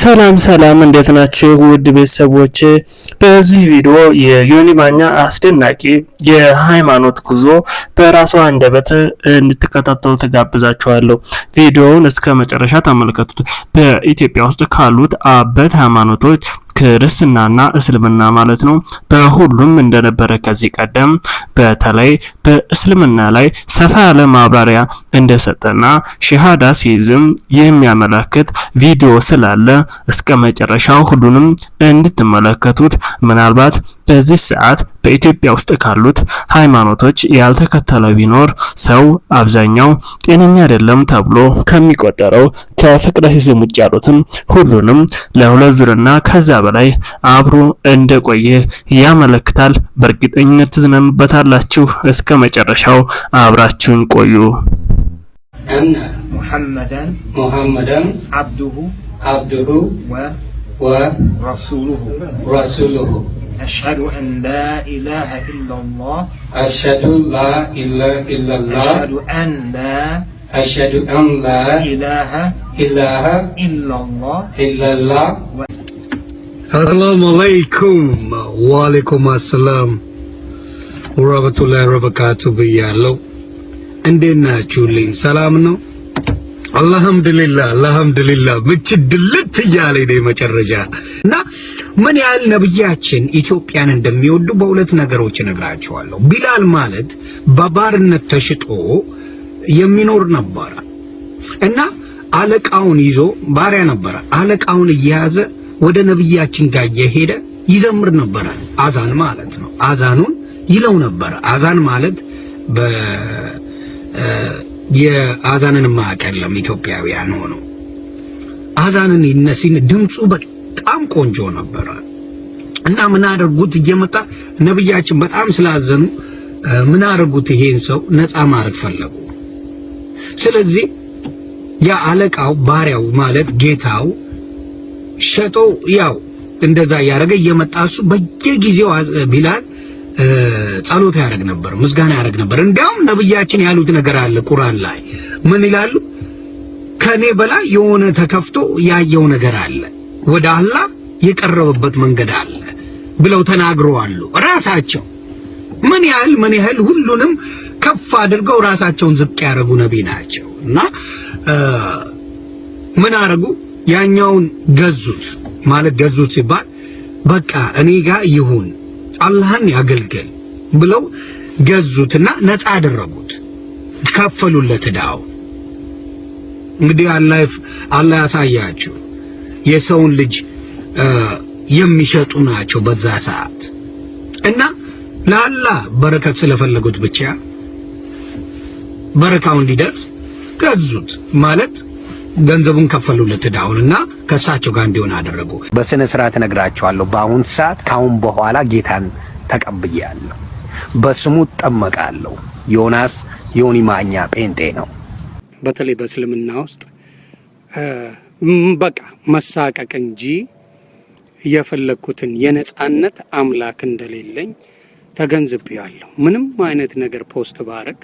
ሰላም ሰላም እንዴት ናችሁ ውድ ቤተሰቦች? በዚህ ቪዲዮ የዮኒ ማኛ አስደናቂ የሃይማኖት ጉዞ በራሷ አንደበት እንድትከታተሉ ተጋብዛችኋለሁ። ቪዲዮውን እስከ መጨረሻ ተመልከቱት። በኢትዮጵያ ውስጥ ካሉት አበት ሃይማኖቶች ክርስትናና እስልምና ማለት ነው በሁሉም እንደነበረ ከዚህ ቀደም በተለይ በእስልምና ላይ ሰፋ ያለ ማብራሪያ እንደሰጠና ሸሃዳ ሲይዝም የሚያመላክት ቪዲዮ ስላለ እስከ መጨረሻው ሁሉንም እንድትመለከቱት ምናልባት በዚህ ሰዓት በኢትዮጵያ ውስጥ ካሉት ሃይማኖቶች ያልተከተለ ቢኖር ሰው አብዛኛው ጤነኛ አይደለም ተብሎ ከሚቆጠረው ከፍቅረ ሲዝም ውጭ ያሉትም ሁሉንም ለሁለት ዙርና ከዛ በላይ አብሮ እንደቆየ ያመለክታል። በእርግጠኝነት ትዝናኑበታላችሁ። እስከ መጨረሻው አብራችሁን ቆዩ። አነ ሙሐመደን ሙሐመደን አብዱሁ አብዱሁ ወረሱሉሁ ረሱሉሁ አሽሀዱ አን ኢለላህ አሽሀዱ ኢለላህ አሽሀዱ አን لا الله আসসালামু আলাইকুম ওয়া আলাইকুম আসসালাম ወራህመቱላሂ ወበረካቱ ብያለሁ። እንዴት ናችሁልኝ? ሰላም ነው? አልহামዱሊላህ አልহামዱሊላህ ምች ድልት እያለኝ ነው መጨረሻ እና ምን ያህል ነብያችን ኢትዮጵያን እንደሚወዱ በሁለት ነገሮች እነግራቸዋለሁ። ቢላል ማለት በባርነት ተሽጦ የሚኖር ነበረ እና አለቃውን ይዞ ባሪያ ነበረ። አለቃውን እየያዘ ወደ ነብያችን ጋር እየሄደ ይዘምር ነበረ። አዛን ማለት ነው። አዛኑን ይለው ነበረ። አዛን ማለት በ የአዛንን ማቀለም ኢትዮጵያውያን ሆኖ አዛንን ይነሲን ድምፁ በጣም ቆንጆ ነበረ። እና ምን አደርጉት እየመጣ ነብያችን በጣም ስላዘኑ ምን አደርጉት ይሄን ሰው ነፃ ማድረግ ፈለጉ። ስለዚህ ያ አለቃው ባሪያው ማለት ጌታው ሸጦ ያው እንደዛ እያደረገ እየመጣ እሱ በየጊዜው ቢላል ጸሎት ያደረግ ነበር፣ ምስጋና ያደረግ ነበር። እንዲያውም ነብያችን ያሉት ነገር አለ ቁርአን ላይ ምን ይላሉ? ከኔ በላይ የሆነ ተከፍቶ ያየው ነገር አለ፣ ወደ አላህ የቀረበበት መንገድ አለ ብለው ተናግረዋል። ራሳቸው ምን ያህል ምን ያህል ሁሉንም ከፍ አድርገው ራሳቸውን ዝቅ ያደረጉ ነቢ ናቸው እና ምን አረጉ? ያኛውን ገዙት ማለት ገዙት ሲባል በቃ እኔ ጋር ይሁን አላህን ያገልግል ብለው ገዙትና ነፃ አደረጉት፣ ከፈሉለት ዳው እንግዲህ አላህ ያሳያችሁ የሰውን ልጅ የሚሸጡ ናቸው በዛ ሰዓት እና ለአላህ በረከት ስለፈለጉት ብቻ በረካውን እንዲደርስ ገዙት ማለት ገንዘቡን ከፈሉለት እዳውን እና ከእሳቸው ጋር እንዲሆን አደረጉ። በስነ ስርዓት እነግራቸዋለሁ። በአሁን ሰዓት ካሁን በኋላ ጌታን ተቀብያለሁ፣ በስሙ እጠመቃለሁ። ዮናስ ዮኒ ማኛ ጴንጤ ነው። በተለይ በእስልምና ውስጥ በቃ መሳቀቅ እንጂ የፈለግኩትን የነጻነት አምላክ እንደሌለኝ ተገንዝቤያለሁ። ምንም አይነት ነገር ፖስት ባረግ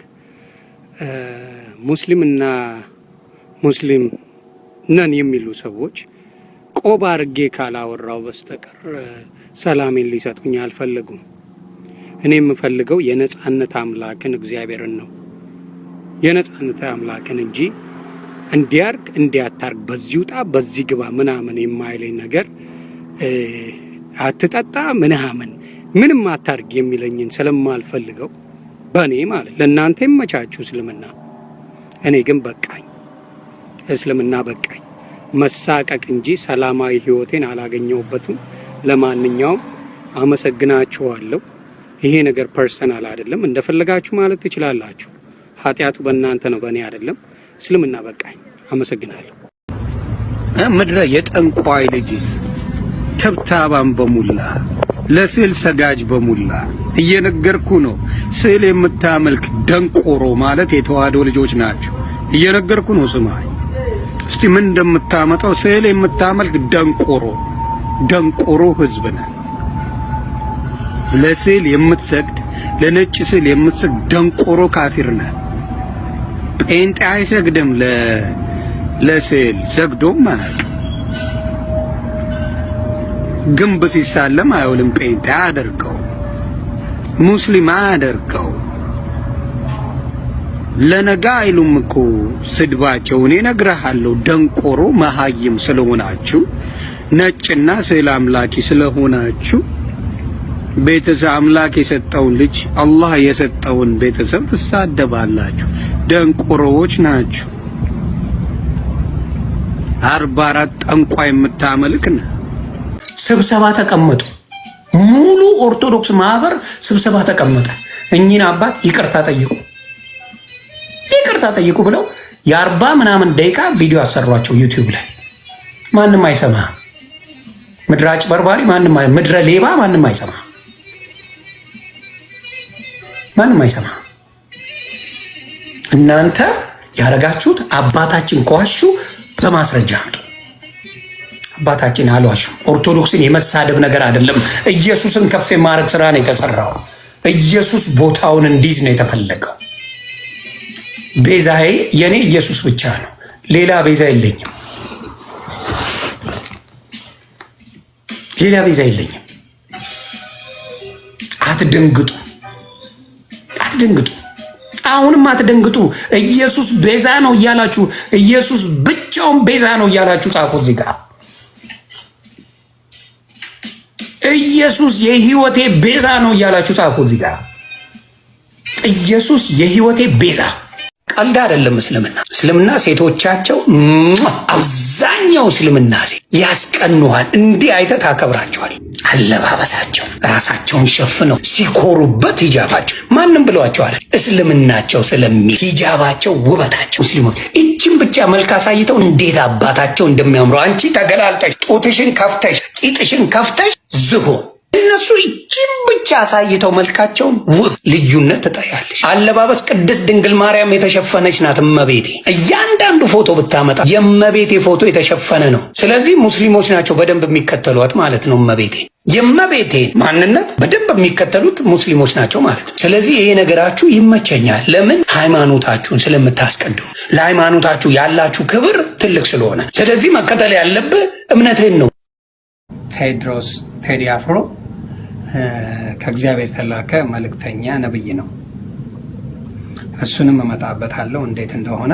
ሙስሊምና ሙስሊም ነን የሚሉ ሰዎች ቆብ አርጌ ካላወራው በስተቀር ሰላሜን ሊሰጡኝ አልፈለጉም። እኔ የምፈልገው የነጻነት አምላክን እግዚአብሔርን ነው የነጻነት አምላክን እንጂ እንዲያርግ እንዲያታርግ በዚህ ውጣ በዚህ ግባ ምናምን የማይለኝ ነገር አትጠጣ ምናምን ምንም አታርግ የሚለኝን ስለማልፈልገው በእኔ ማለት ለእናንተ ይመቻችሁ እስልምና፣ እኔ ግን በቃኝ። እስልምና በቃኝ። መሳቀቅ እንጂ ሰላማዊ ህይወቴን አላገኘሁበትም። ለማንኛውም አመሰግናችኋለሁ። ይሄ ነገር ፐርሰናል አይደለም፣ እንደፈለጋችሁ ማለት ትችላላችሁ። ኃጢአቱ በእናንተ ነው፣ በእኔ አይደለም። እስልምና በቃኝ። አመሰግናለሁ። ምድረ የጠንቋይ ልጅ ተብታባን በሙላ ለስዕል ሰጋጅ በሙላ እየነገርኩ ነው። ስዕል የምታመልክ ደንቆሮ ማለት የተዋህዶ ልጆች ናቸው። እየነገርኩ ነው። ስማኝ እስቲ ምን እንደምታመጣው ስዕል የምታመልክ ደንቆሮ ደንቆሮ ህዝብ ነን። ለስዕል የምትሰግድ ለነጭ ስዕል የምትሰግድ ደንቆሮ ካፊር ነን። ጴንጤ አይሰግድም ለስዕል ሰግዶም ማለት ግንብ ሲሳለም አይውልም። ጴንጤ አያደርገው፣ ሙስሊም አያደርገው። ለነጋ አይሉም እኮ ስድባቸው። እኔ ነግረሃለሁ፣ ደንቆሮ መሀይም ስለሆናችሁ ነጭና ስዕል አምላኪ ስለሆናችሁ ቤተሰብ አምላክ የሰጠውን ልጅ አላህ የሰጠውን ቤተሰብ ትሳደባላችሁ። ደንቆሮዎች ናችሁ። አርባ አራት ጠንቋይ የምታመልክ ነ ስብሰባ ተቀመጡ። ሙሉ ኦርቶዶክስ ማህበር ስብሰባ ተቀመጠ። እኚህን አባት ይቅርታ ጠይቁ። ይቅርታ ጠይቁ ብለው የአርባ ምናምን ደቂቃ ቪዲዮ አሰሯቸው ዩቲዩብ ላይ። ማንም አይሰማ። ምድረ አጭበርባሪ፣ ምድረ ሌባ፣ ማንም አይሰማ። ማንም አይሰማ። እናንተ ያደረጋችሁት አባታችን ከዋሹ በማስረጃ አምጡ። አባታችን አልዋሹም። ኦርቶዶክስን የመሳደብ ነገር አይደለም። ኢየሱስን ከፍ የማድረግ ስራ ነው የተሰራው። ኢየሱስ ቦታውን እንዲይዝ ነው የተፈለገው። ቤዛዬ የኔ ኢየሱስ ብቻ ነው፣ ሌላ ቤዛ የለኝም፣ ሌላ ቤዛ የለኝም። አትደንግጡ፣ አትደንግጡ፣ አሁንም አትደንግጡ። ኢየሱስ ቤዛ ነው እያላችሁ ኢየሱስ ብቻውን ቤዛ ነው እያላችሁ ጻፉት እዚህ ጋር ኢየሱስ የህይወቴ ቤዛ ነው እያላችሁ ጻፉ እዚህ ጋር ኢየሱስ የህይወቴ ቤዛ ቀልድ አይደለም። እስልምና እስልምና ሴቶቻቸው አብዛኛው እስልምና ሴት ያስቀኑሃል። እንዲህ አይተ ታከብራቸዋል። አለባበሳቸው ራሳቸውን ሸፍነው ሲኮሩበት ሂጃባቸው ማንም ብለዋቸዋል። እስልምናቸው ስለሚ ሂጃባቸው ውበታቸው ሙስሊሞች እችን ብቻ መልክ አሳይተው እንዴት አባታቸው እንደሚያምረው አንቺ ተገላልጠሽ ጡትሽን ከፍተሽ ቂጥሽን ከፍተሽ ዝሆ እነሱ ብቻ አሳይተው መልካቸውን ውብ ልዩነት ትጠያለች። አለባበስ ቅድስት ድንግል ማርያም የተሸፈነች ናት። እመቤቴ እያንዳንዱ ፎቶ ብታመጣ የእመቤቴ ፎቶ የተሸፈነ ነው። ስለዚህ ሙስሊሞች ናቸው በደንብ የሚከተሏት ማለት ነው እመቤቴ የመቤቴ ማንነት በደንብ የሚከተሉት ሙስሊሞች ናቸው ማለት ነው። ስለዚህ ይሄ ነገራችሁ ይመቸኛል። ለምን ሃይማኖታችሁን ስለምታስቀድሙ፣ ለሃይማኖታችሁ ያላችሁ ክብር ትልቅ ስለሆነ፣ ስለዚህ መከተል ያለብህ እምነትህን ነው። ቴድሮስ ቴዲ አፍሮ ከእግዚአብሔር ተላከ መልእክተኛ ነብይ ነው። እሱንም እመጣበታለሁ እንዴት እንደሆነ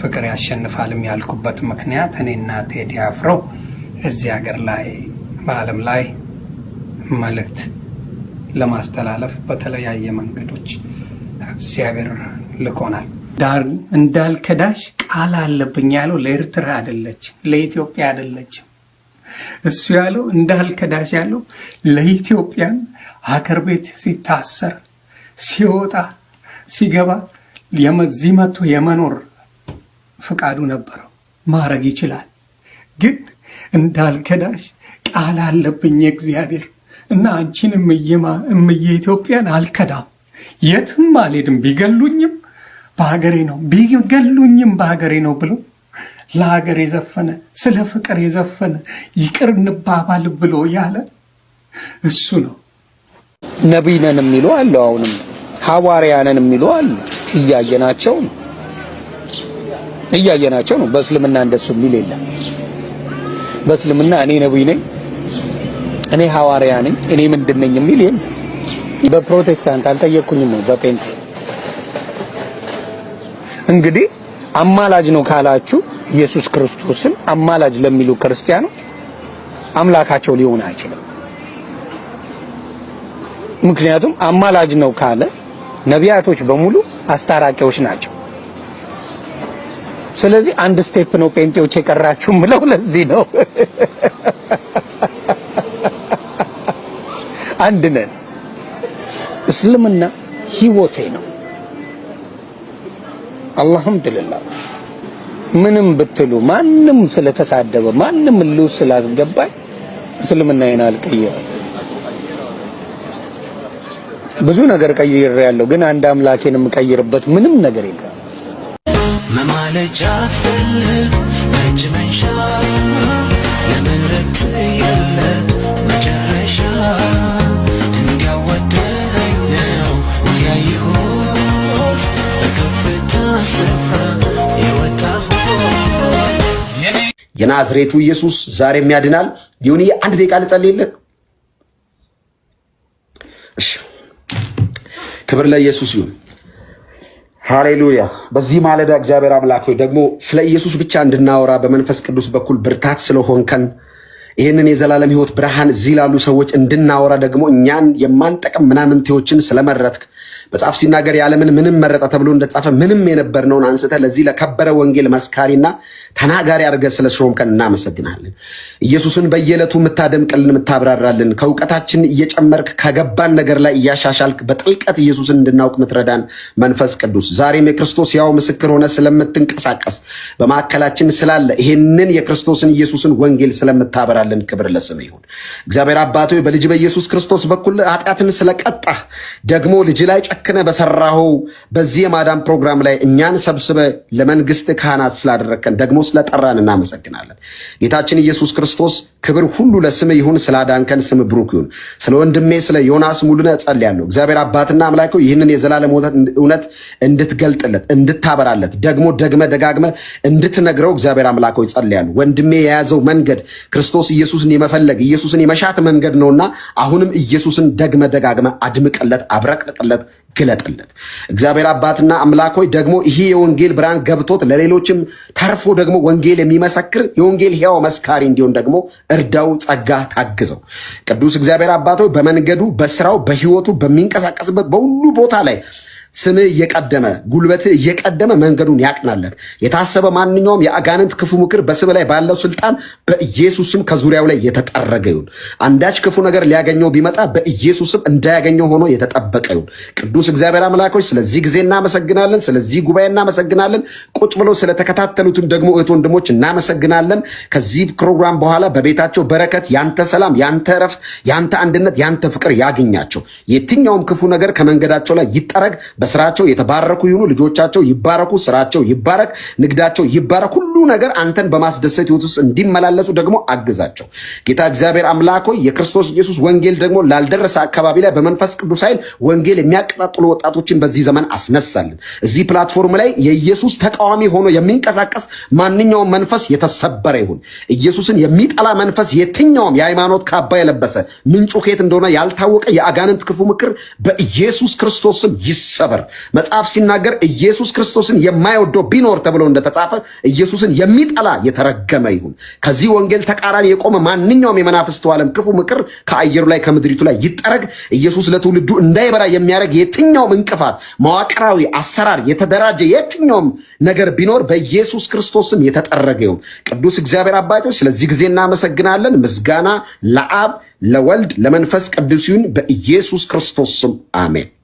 ፍቅር ያሸንፋልም ያልኩበት ምክንያት እኔና ቴዲ አፍሮ እዚህ ሀገር ላይ በዓለም ላይ መልእክት ለማስተላለፍ በተለያየ መንገዶች እግዚአብሔር ልኮናል። እንዳልከዳሽ ቃል አለብኝ ያለው ለኤርትራ አይደለች፣ ለኢትዮጵያ አይደለችም እሱ ያለው እንዳልከዳሽ ያለው ለኢትዮጵያን ሀገር ቤት ሲታሰር ሲወጣ ሲገባ የመዚህ መጥቶ የመኖር ፍቃዱ ነበረው። ማድረግ ይችላል። ግን እንዳልከዳሽ ቃል አለብኝ እግዚአብሔር እና አንቺንም እምዬ ኢትዮጵያን አልከዳም፣ የትም አልሄድም፣ ቢገሉኝም በሀገሬ ነው፣ ቢገሉኝም በሀገሬ ነው ብለው ለሀገር የዘፈነ ስለ ፍቅር የዘፈነ ይቅር እንባባል ብሎ ያለ እሱ ነው። ነቢይ ነን የሚሉ አሉ። አሁንም ሐዋርያ ነን የሚሉ አሉ። እያየናቸው ነው እያየናቸው ነው። በእስልምና እንደሱ የሚል የለም። በእስልምና እኔ ነቢይ ነኝ፣ እኔ ሐዋርያ ነኝ፣ እኔ ምንድን ነኝ የሚል የለም። በፕሮቴስታንት አልጠየቅኩኝም ነው በፔንቴ እንግዲህ አማላጅ ነው ካላችሁ ኢየሱስ ክርስቶስን አማላጅ ለሚሉ ክርስቲያኖች አምላካቸው ሊሆን አይችልም። ምክንያቱም አማላጅ ነው ካለ ነቢያቶች በሙሉ አስታራቂዎች ናቸው። ስለዚህ አንድ ስቴፕ ነው ጴንጤዎች የቀራችሁ ምለው ለዚህ ነው። አንድ ነን። እስልምና ህይወቴ ነው። አልሐምዱሊላህ ምንም ብትሉ ማንም ስለተሳደበ ማንም ልውስ ስላስገባኝ እስልምናዬን አልቀየረም። ብዙ ነገር ቀይሬ ያለው ግን አንድ አምላኬን የምቀይርበት ምንም ነገር የለም። መማለጃ አትፈልግ የናዝሬቱ ኢየሱስ ዛሬም ያድናል። ሊሆንዬ አንድ ደቂቃ ልጸልይልህ። እሺ፣ ክብር ለኢየሱስ ይሁን። ሃሌሉያ። በዚህ ማለዳ እግዚአብሔር አምላክ ሆይ ደግሞ ስለ ኢየሱስ ብቻ እንድናወራ በመንፈስ ቅዱስ በኩል ብርታት ስለሆንከን ይህንን የዘላለም ሕይወት ብርሃን እዚህ ላሉ ሰዎች እንድናወራ ደግሞ እኛን የማንጠቅም ምናምንቴዎችን ስለመረጥክ መጽሐፍ ሲናገር የዓለምን ምንም መረጠ ተብሎ እንደተጻፈ ምንም የነበርነውን አንስተ ለዚህ ለከበረ ወንጌል መስካሪና ተናጋሪ አድርገ ስለሾምከን እናመሰግናለን። ኢየሱስን በየዕለቱ የምታደምቅልን የምታብራራልን፣ ከእውቀታችን እየጨመርክ ከገባን ነገር ላይ እያሻሻልክ በጥልቀት ኢየሱስን እንድናውቅ ምትረዳን መንፈስ ቅዱስ ዛሬም የክርስቶስ ያው ምስክር ሆነ ስለምትንቀሳቀስ በማዕከላችን ስላለ ይህንን የክርስቶስን ኢየሱስን ወንጌል ስለምታበራልን ክብር ለስም ይሁን። እግዚአብሔር አባቶ በልጅ በኢየሱስ ክርስቶስ በኩል ኃጢአትን ስለቀጣህ ደግሞ ልጅ ላይ ጨክነ በሰራኸው በዚህ የማዳን ፕሮግራም ላይ እኛን ሰብስበ ለመንግስት ካህናት ስላደረግከን ደግሞ ስለጠራን እናመሰግናለን። ጌታችን ኢየሱስ ክርስቶስ ክብር ሁሉ ለስም ይሁን፣ ስላዳንከን ስም ብሩክ ይሁን። ስለ ወንድሜ ስለ ዮናስ ሙሉነ ጸልያለሁ። እግዚአብሔር አባትና አምላከው ይህንን የዘላለም እውነት እንድትገልጥለት እንድታበራለት፣ ደግሞ ደግመ ደጋግመ እንድትነግረው እግዚአብሔር አምላኮ ይጸልያሉ። ወንድሜ የያዘው መንገድ ክርስቶስ ኢየሱስን የመፈለግ ኢየሱስን የመሻት መንገድ ነውና አሁንም ኢየሱስን ደግመ ደጋግመ አድምቅለት፣ አብረቅርቅለት ግለጥለት። እግዚአብሔር አባትና አምላኮች ደግሞ ይህ የወንጌል ብርሃን ገብቶት ለሌሎችም ተርፎ ደግሞ ወንጌል የሚመሰክር የወንጌል ሕያው መስካሪ እንዲሆን ደግሞ እርዳው፣ ጸጋ ታግዘው። ቅዱስ እግዚአብሔር አባት በመንገዱ፣ በስራው፣ በህይወቱ፣ በሚንቀሳቀስበት በሁሉ ቦታ ላይ ስምህ እየቀደመ ጉልበትህ እየቀደመ መንገዱን ያቅናለት። የታሰበ ማንኛውም የአጋንንት ክፉ ምክር በስም ላይ ባለው ስልጣን በኢየሱስም ከዙሪያው ላይ የተጠረገ ይሁን። አንዳች ክፉ ነገር ሊያገኘው ቢመጣ በኢየሱስም እንዳያገኘው ሆኖ የተጠበቀ ይሁን። ቅዱስ እግዚአብሔር አምላኮች ስለዚህ ጊዜ እናመሰግናለን፣ ስለዚህ ጉባኤ እናመሰግናለን። ቁጭ ብለው ስለተከታተሉትም ደግሞ እህት ወንድሞች እናመሰግናለን። ከዚህ ፕሮግራም በኋላ በቤታቸው በረከት፣ ያንተ ሰላም፣ ያንተ እረፍት፣ ያንተ አንድነት፣ ያንተ ፍቅር ያገኛቸው። የትኛውም ክፉ ነገር ከመንገዳቸው ላይ ይጠረግ። በስራቸው የተባረኩ ይሁኑ። ልጆቻቸው ይባረኩ፣ ስራቸው ይባረክ፣ ንግዳቸው ይባረክ። ሁሉ ነገር አንተን በማስደሰት ህይወት ውስጥ እንዲመላለሱ ደግሞ አግዛቸው። ጌታ እግዚአብሔር አምላክ ሆይ የክርስቶስ ኢየሱስ ወንጌል ደግሞ ላልደረሰ አካባቢ ላይ በመንፈስ ቅዱስ ኃይል ወንጌል የሚያቀጣጥሉ ወጣቶችን በዚህ ዘመን አስነሳልን። እዚህ ፕላትፎርም ላይ የኢየሱስ ተቃዋሚ ሆኖ የሚንቀሳቀስ ማንኛውም መንፈስ የተሰበረ ይሁን። ኢየሱስን የሚጠላ መንፈስ የትኛውም የሃይማኖት ካባ የለበሰ ምንጩ ከየት እንደሆነ ያልታወቀ የአጋንንት ክፉ ምክር በኢየሱስ ክርስቶስ ይሰ ዌቨር መጽሐፍ ሲናገር ኢየሱስ ክርስቶስን የማይወደው ቢኖር ተብሎ እንደተጻፈ ኢየሱስን የሚጠላ የተረገመ ይሁን። ከዚህ ወንጌል ተቃራኒ የቆመ ማንኛውም የመናፍስት ዓለም ክፉ ምክር ከአየሩ ላይ ከምድሪቱ ላይ ይጠረግ። ኢየሱስ ለትውልዱ እንዳይበራ የሚያደርግ የትኛውም እንቅፋት፣ መዋቅራዊ አሰራር፣ የተደራጀ የትኛውም ነገር ቢኖር በኢየሱስ ክርስቶስም የተጠረገ ይሁን። ቅዱስ እግዚአብሔር አባቶች ስለዚህ ጊዜ እናመሰግናለን። ምስጋና ለአብ ለወልድ ለመንፈስ ቅዱስ ይሁን። በኢየሱስ ክርስቶስ ስም አሜን።